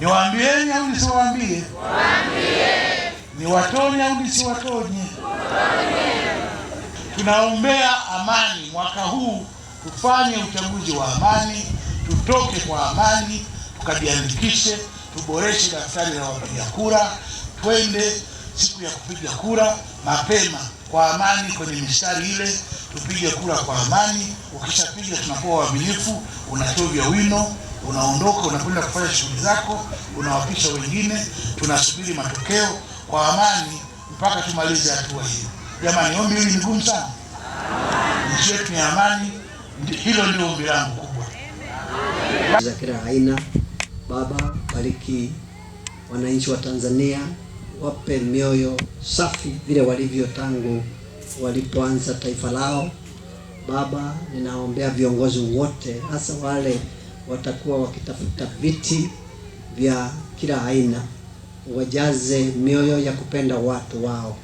Niwaambieni au nisiwaambie? Niwatonye au nisiwatonye? Tunaombea amani mwaka huu, tufanye uchaguzi wa amani, tutoke kwa amani, tukajiandikishe, tuboreshe daftari la wapiga kura, twende siku ya kupiga kura mapema kwa amani kwenye mistari ile, tupige kura kwa amani. Ukishapiga tunakuwa waaminifu, unachovya wino unaondoka unakwenda kufanya shughuli zako, unawapisha wengine, tunasubiri matokeo kwa amani mpaka tumalize hatua hiyo. Jamani, ombi hili ni gumu sana. Nchi yetu ni amani, hilo ndio ombi langu kubwa za kila aina. Baba, bariki wananchi wa Tanzania, wape mioyo safi vile walivyo tangu walipoanza taifa lao. Baba, ninaombea viongozi wote, hasa wale watakuwa wakitafuta viti vya kila aina, wajaze mioyo ya kupenda watu wao.